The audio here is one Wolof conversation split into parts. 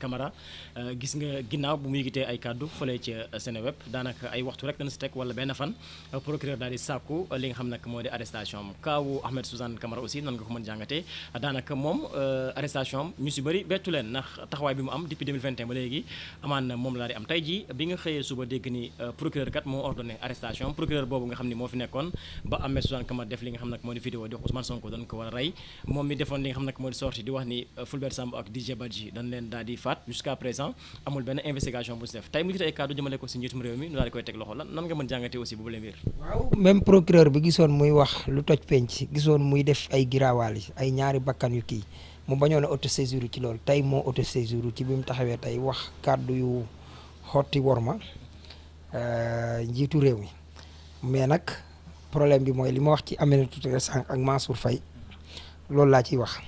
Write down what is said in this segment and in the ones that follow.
Camara euh, gis nga ginnaaw bu mu yëgitee ay kàddu fële ca Seneweb daanaka ay waxtu rek dana si teg wala benn fan euh, procureur euh, daanaka moom arrestation ñu si bëri bettu leen ndax taxawaay bi mu am depuis 2021 ba léegi amaan na moom laa di am tey jii bi nga xëyee suba dégg ni procureur kat moo ordonné arrestation procureur boobu nga xam ni moo fi nekkoon ba Ahmed Suzanne Camara def li nga xam nag moo di vidéo di wax Ousmane Sonko dañ ko war a rey faat jusqu'à présent amul benn investigation bu si def tey mu jot ay kàddu jëmale ko si njiitum réew mi ñu daal di koy teg loxo lan nan nga mën jàngatee aussi bu bële muy wax lu toj penc gisoon muy def ay giraawaal yi ay ñaari bakkan yu kii mu bañoon a autosaisir ci loolu tey moo autosaisir ci bi mu taxawee tey wax kàddu yu xotti worma euh, njiitu réew mi mais nag problème bi mooy li ma wax ci Aminata Touré sànq ak Mansour fay loolu laa ciy wax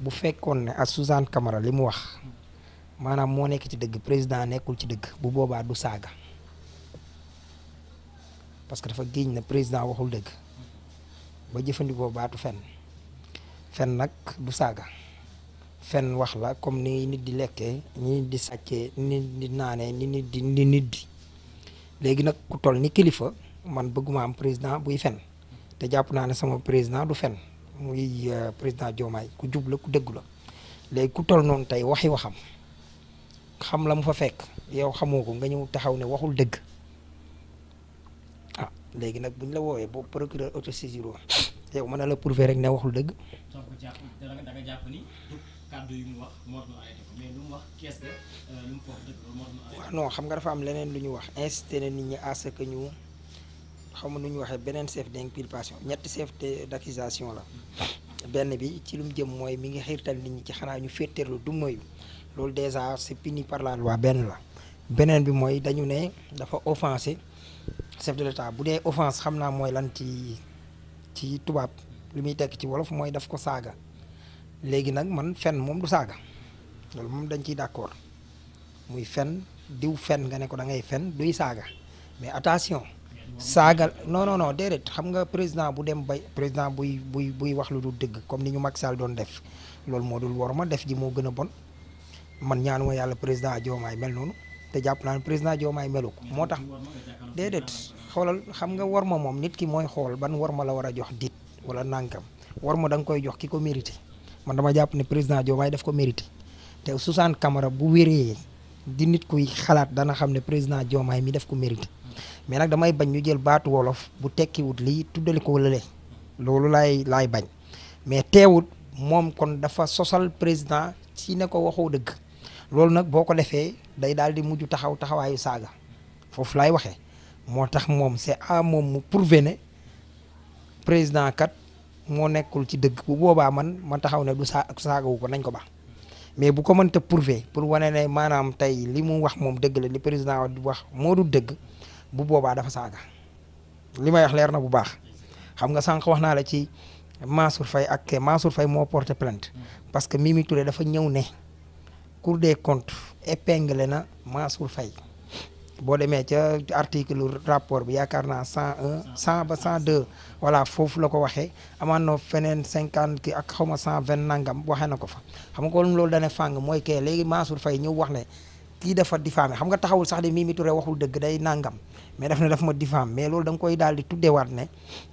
bu fekkoon ne ak Suzanne Camara li mu wax maanaam moo nekk ci dëgg président nekkul ci dëgg bu boobaa du saaga parce que dafa giiñ na président waxul dëgg ba jëfandikoo baatu fen fen nag du saaga fen wax la comme ni nit di lekkee ni nit di sàccee ni nit di naanee ni nit di ni nit di léegi nag ku toll ni kilifa man bëgguma am président buy fen te jàpp naa ne sama président du fen muy euh, président Diomaye ku jub la ku dëgg la léegi ku toll noonu tey waxi waxam xam la mu fa fekk yow xamoo ko nga ñëw taxaw ne waxul dëgg ah léegi nag buñ la woowee boo procureur autosaisir yow mën na la prouver rek ne waxul dëgg. waaw non xam nga dafa am leneen lu ñu wax incité nit ñi à ce ñu xam nga nu ñu waxee beneen chef d'inculpation ñetti chef d'accusation la benn bi ci lu jëm mooy mi ngi xiirtal nit ñi ci xanaa ñu féeteerlu du mayu loolu déjà c'est puni par la loi benn la beneen bi mooy dañu ne dafa offensé chef de l'État bu dee offense xam naa mooy lan ci ci tubaab li muy tekk ci wolof mooy daf ko saaga léegi nag man fen moom du saaga loolu moom dañ ciy d'accord muy fen diw fen nga ne ko da ngay fen duy saaga mais attention saaga non non non déedéet xam nga président bu dem bay président buy buy buy wax lu dul dëgg comme ni ñu Macky Sall doon def loolu moo dul war ma def ji moo gën a bon man ñaanu ñaanuma yàlla président Diomaye mel noonu te jàpp naa ne président Diomaye melu ko moo tax déedéet xoolal xam nga war ma moom nit ki mooy xool ban war la war a jox dit wala nànkam war ma da nga koy jox ki ko mérité man dama jàpp ne président Diomaye def ko mérité te Sousane Camara bu wéree di nit kuy xalaat dana xam ne président Diomaye mi def ko mérité mais nag damay bañ ñu jël baatu wolof bu tekkiwut lii tuddale ko lële loolu laay laay bañ mais teewut moom kon dafa sosal président ci ne ko waxoo dëgg loolu nag boo ko defee day daal di mujj taxaw taxawaayu saaga foofu laay waxee moo tax moom c'est à moom mu prouver ne président kat moo nekkul ci dëgg bu boobaa man ma taxaw ne du saa saagawu ko nañ ko baax mais bu ko mënta prouver pour wane ne maanaam li mu wax moom dëgg la li président wax moo du dëgg bu boobaa dafa saaga li may wax leer na bu baax xam nga sànq wax naa la ci Mansour fay ak Mansour fay moo porté plant mm. parce que Mimi Touré dafa ñëw ne cour de comptes épinglé na Mansour fay boo demee ca article rapport bi yaakaar naa cent un cent ba cent deux voilà foofu la ko waxee amaan na feneen cinquante ki ak xaw ma cent vingt nangam waxee na ko fa xam nga kon loolu dana fàng mooy kee léegi Mansour Faye ñëw wax ne kii dafa diffamé xam nga taxawul sax de Mimi Touré waxul dëgg day nangam mais daf ne daf ma diffamé mais loolu da nga koy daal di war ne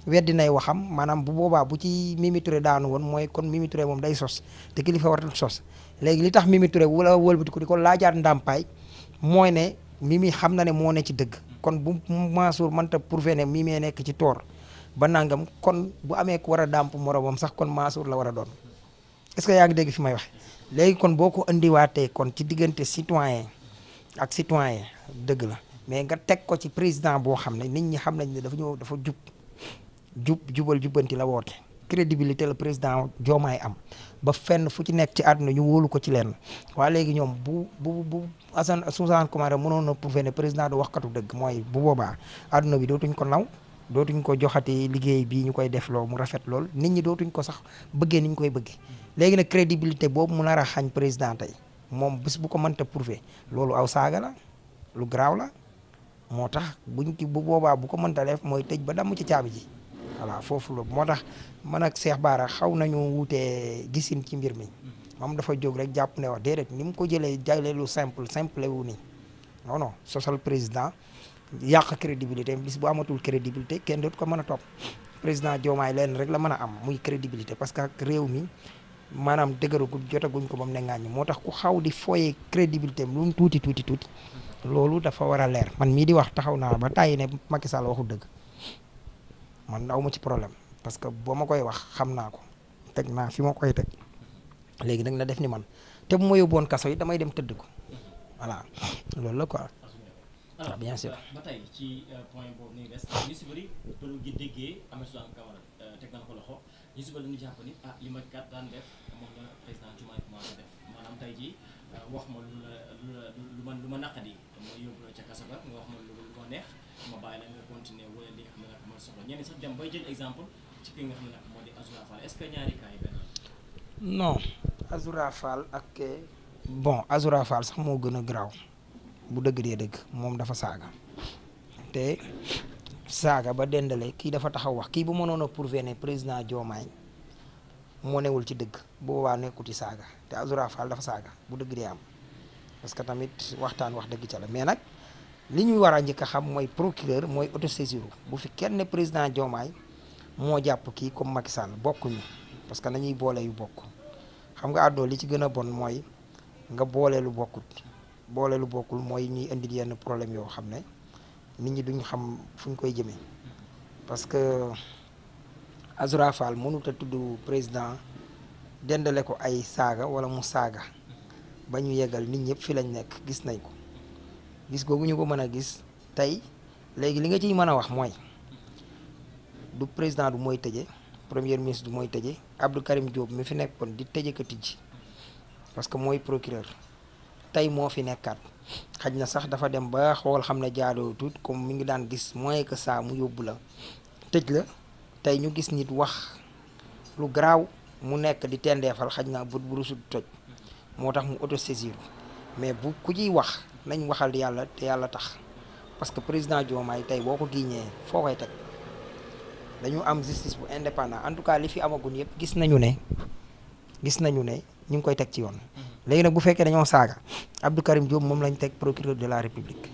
weddi nay waxam maanaam bu boobaa bu ci Mimi Touré daanu woon mooy kon Mimi Touré moom day sos te kilifa waratul sos léegi li tax Mimi Touré wala wëlbatiku di ko laajaat ndàmpaay mooy ne Mimi xam na ne moo ne ci dëgg kon bu Mansour mënta prouver ne Mimi nekk ci toor ba nangam kon bu amee ku war a dàmp moromam sax kon Mansour la war a doon est-ce que yaa ngi dégg fi may wax léegi kon boo ko indiwaatee kon ci diggante citoyen ak citoyen dëgg la mais nga teg ko ci président boo xam ne nit ñi xam nañ ne dafa ñëw dafa jub jub jubal jubbanti la woote crédibilité le président joomaay am ba fenn fu ci nekk ci àdduna ñu wóolu ko ci leen waa léegi ñoom bu bu bu Assane Suzanne Camara mënoon na prouver ne président du waxkatu dëgg mooy bu boobaa àdduna bi dootuñ ko naw dootuñ ko joxati liggéey bii ñu koy def mu rafet lool nit ñi dootuñ ko sax bëggee ni koy bëggee léegi nag crédibilité boobu mu nar a xañ président moom bés bu ko mënta prouver loolu aw saaga la lu garaaw la moo tax buñ ci bu boobaa bu ko mënta def mooy tëj ba damm ci caabi ji voilà foofu loolu moo tax man a Cheikh baara xaw nañu wutee gisin ci mbir mi moom dafa jóg rek jàpp ne wax déedéet ni mu ko jëlee jàllee lu simple simple wu ni non non sosal président yàq crédibilité bis bu amatul crédibilité kenn dootu ko mën a topp président Diomaye leen rek la mën a am muy crédibilité parce que ak réew mi maanaam dëgëragul jotaguñ ko ba mu ne ngaañu moo tax ku xaw di fooyee crédibilité am lu mu tuuti tuuti tuuti loolu dafa war a leer man mii di taxaw naa ba tàyyi ne Macky Sall waxu dëgg man aw ma ci problème parce que boo ma koy wax xam naa ko teg naa fi ma koy teg léegi nag na def ni man te bu ma yóbboon kaso yi damay dem tëdd ko voilà loolu la quoi. ah, ah bien sûr ñu suba dañu jàpp ni ah li ma kat daan def moom la président Diomaye commencé def maanaam tey jii ah, wax ma lu la lu la lu ma lu ma naqadi mooy yóbbu la ca kaso ba nga wax ma lu ma neex ma bàyyi la nga continuer wala li nga xam ne nag mooy soxla ñenn sax dem bay jël exemple ci ki nga xam ne nag moo di Azoura est-ce que ñaari cas benn non Azoura ak eh, bon Azoura sax moo gën a garaaw bu dëgg dee dëgg moom dafa saaga te saaga ba dendale kii dafa taxaw wax kii bu mënoon a prouver ne président Diomaye moo newul ci dëgg boobaa waa ci saaga te Azoura Fall dafa saaga bu dëgg dee am parce que tamit waxtaan wax dëgg ca la mais nag li ñuy war a njëkk a xam mooy procureur mooy auto autosaisir bu fi kenn président Diomaye moo jàpp kii comme Macky Sall bokkuñu parce que nañuy boole yu bokk xam nga àddoo li ci gën a bon mooy nga boole lu bokkut boole lu bokkul mooy ñuy indi yenn problème yoo xam ne. nit ñi duñ xam fu ñu koy jëmee parce que Azura Fall mënut a tudd président dendale ko ay saaga wala mu saaga ba ñu yeggal nit ñëpp fi lañ nekk gis nañ ko gis googu ñu ko mën a gis tey léegi li nga ci mën a wax mooy du président du mooy tëje première ministre du mooy tëje Abdou Karim mu fi nekkoon di tëje ka tijji parce que mooy procureur tey moo fi nekkaat xaj na sax dafa dem ba xool xam ne jaadoo tut comme mi ngi daan gis moins que ça mu yóbbu la tëj la tey ñu gis nit wax lu garaaw mu nekk di tendeefal xaj naa bët bu rusut toj moo tax mu auto autosaisir mais bu ku ciy wax nañ waxal yàlla te yàlla tax parce que président Diomaye tey boo ko giiñee foo koy teg dañu am justice bu indépendant en tout cas li fi amagun yëpp gis nañu ne gis nañu ne ñu ngi koy teg ci yoon léegi nag bu fekkee dañoo saaga Abdou Karim Diop moom lañ teg procureur de la République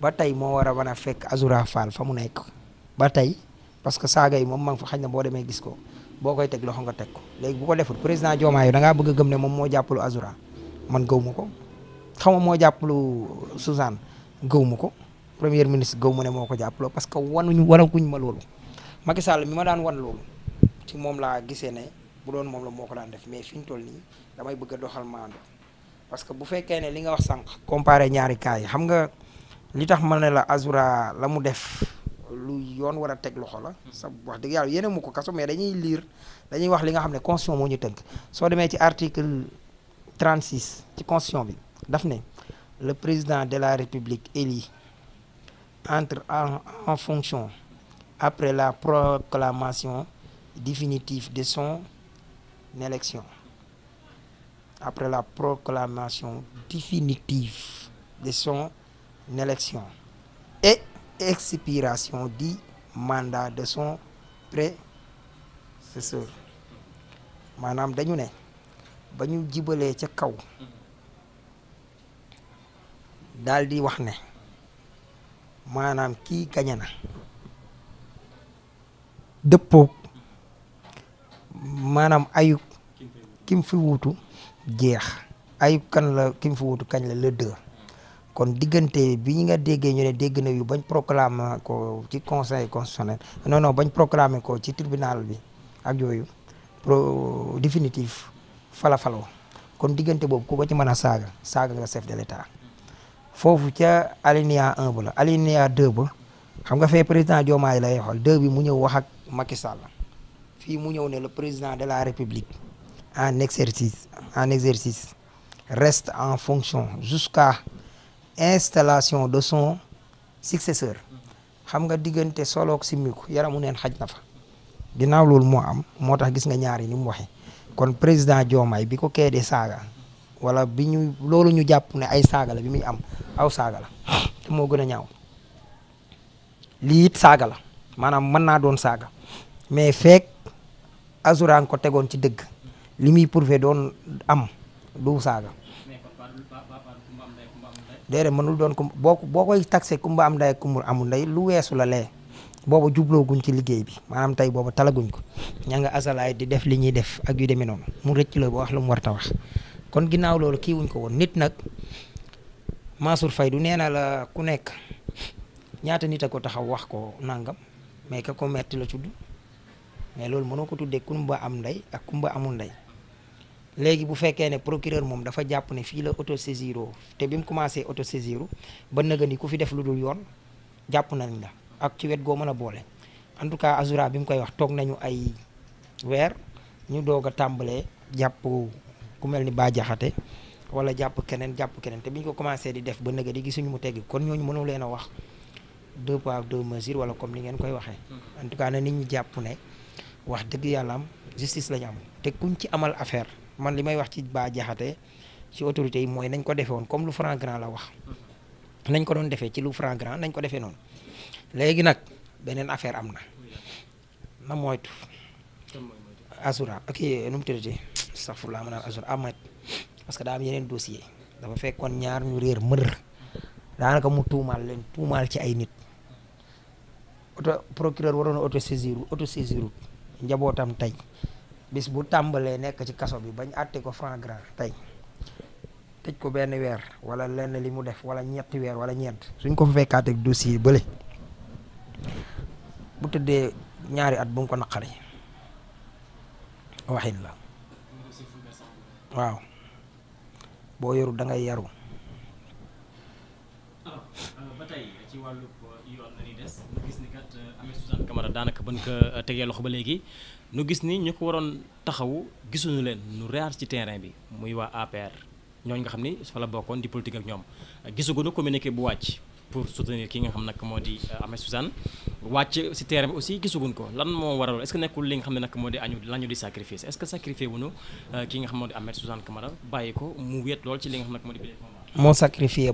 ba tey moo war a mën fekk Azoura Fall fa mu nekk ba tey parce que saaga yi moom ma ngi fa xañ na boo demee gis ko boo koy teg loxo nga teg ko léegi bu ko deful président Diomaye da ngaa bëgg a gëm ne moom moo jàppalu Azoura man gëw ma ko xaw ma moo jàppalu Suzanne gëw ma ko premier ministre gëw ma ne moo ko jàppaloo parce que wanuñu wanaguñ ma loolu Macky Sall mi ma daan wan loolu ci moom laa gisee ne bu doon moom la moo ko daan def mais fi ñu toll nii damay bëgg a doxal maando parce que bu fekkee ne li nga wax sànq comparé ñaari cas yi xam nga li tax ma ne la Azura la mu def lu yoon war a teg loxo la sa wax dëgg yàlla yéene mu ko kaso mais dañuy liir dañuy wax li nga xam ne constitution moo ñu tënk soo demee ci article 36 ci constitution bi daf ne le président de la république élu entre en, en fonction après la proclamation définitive de son élection après la proclamation définitive de son élection et expiration di mandat de son prédécesseur maanaam dañu ne ba ñu jibalee ca kaw daldi wax ne maanaam kii gañe na dëppoo maanaam ayub kim fi wuutu jeex ayub kan la kim fi wuutu kañ la la deux kon diggante bi nga déggee ñu ne dégg na yu bañ proclamer ko ci conseil constitutionnel non bañ proclamer ko ci tribunal bi ak yooyu pro définitif falafaloo kon diggante boobu ku ko ci mën a saaga saaga nga chef de l'état foofu ca alinéa 1 ba la alinéa 2 ba xam nga fee président Diomaye lay xool 2 bi mu ñëw wax ak Macky fii mu ñëw ne le président de la république en exercice en exercice reste en fonction jusqu'à installation de son successeur xam nga diggante soloog simmiku yaramu neen xaj na fa ginnaaw loolu moo am moo tax gis nga ñaari ni mu waxee kon président joomaay bi ko keedee saaga wala bi ñu loolu ñu jàpp ne ay saaga la bi muy am aw saaga la moo gën a ñaaw lii it saaga la maanaam mën naa doon saaga mais fekk Azura ko tegoon ci dëgg li muy prouvé doon am du saaga. déedéet mënul doon ko boo boo koy taxé kumba am nday kumur amul lu weesu la lee booba jublooguñ ci liggéey bi maanaam tey booba talaguñ ko ñanga nga asalaay di def li ñuy def ak yu demee noonu mu rëcc ba wax lu mu war ta wax kon ginnaaw loolu kii wuñ ko woon nit nag Mansour Faye du nee na la ku nekk ñaata nit a ko taxaw wax ko nangam mais ka ko metti la tudd mais loolu mënoo ko tuddee ba am ndey ak kumba amul ndey léegi bu fekkee ne procureur moom dafa jàpp ne fii la auto autosaisir te bi mu auto autosaisir ba nëgë ni ku fi def lu dul yoon jàpp nañ la ak ci wet goo mën a boole en tout cas Azura bi mu koy wax toog nañu ay weer ñu doog a tàmbalee jàpp ku mel ni Bah Diakhaté wala jàpp keneen jàpp keneen bi ñu ko commencé di def ba nëgë di gisuñu mu teggi kon ñooñu mënu leen a wax deux poids deux wala comme li ngeen koy waxee. Hmm. en tout cas na nit ñi jàpp ne. wax dëgg yàlla am justice la am te kuñ ci amal affaire man li may wax ci baa jaxate ci autorité yi mooy nañ ko defee woon comme lu franc grand la wax nañ ko doon defee ci lu franc grand nañ ko defee noonu léegi nag beneen affaire am na na moytu asura ok nu mu tuddati astafurlaa ma naan asura amat parce que daa am yeneen dossier dafa fekkoon ñaar ñu réer mër daanaka mu tuumaal leen tuumaal ci ay nit auto procureur waroon auto saisir auto saisir njabootam tey bis bu tàmbalee nekk ci kaso bi bañ àtte ko franc grand tey tëj ko benn weer wala lenn li mu def wala ñetti weer wala ñeent suñ ko fa fekkaat ak dossier bële bu tëddee ñaari at bu mu ko naqari waxin la waaw boo yoru dangay yaru ci gis ni kat euh, Ahmed daanaka bën ko euh, tegee loxo ba léegi nu gis ni ñu ko waroon taxawu gisuñu leen nu raar ci terrain bi muy waa APR ñooñu nga xam ni fa la bokkoon di politique ak ñoom gisaguñu communiqué bu wàcc pour soutenir ki nga xam nag moo di euh, Ahmed Suzanne wàcc si terrain bi aussi gisaguñ ko lan moo waral est-ce que nekkul li nga xam ne nag moo di añu lañu di sacrifice est-ce que sacrifié wuñu ki nga xam moo di Ahmed Suzanne Camara bàyyi ko mu wéet lool ci li nga xam nag moo di moo sacrifié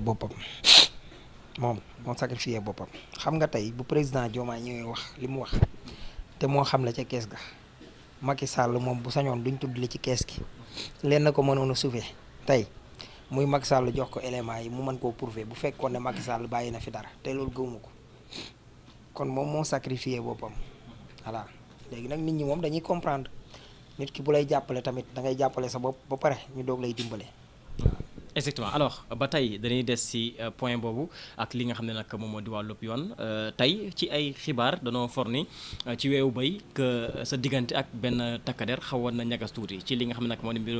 moom moo sacrifié boppam xam nga tey bu président Diomaye ñëwee wax li mu wax te moo xam la ca kees ga Macky Sall moom bu sañoon duñ tudd li ci kees gi lenn ko mënoon a sauver tey muy Macky Sall jox ko éléments yi mu mën koo prouver bu fekkoon ne Macky Sall bàyyi na fi dara te loolu gëwuma ko kon moom moo sacrifié boppam voilà léegi nag nit ñi moom dañuy comprendre nit ki bu lay jàppale tamit da ngay jàppale sa bopp ba pare ñu doog lay dimbale. exactement alors ba tey dañuy des ci euh, point boobu ak li nga xam ne nag moom moo di wàllub yoon euh, tey ci ay xibaar danoo forni euh, ci weewu béy que sa diggante ak benn takkader xawoon na ñagas tuuti ci li nga xam ne nag moo mbirum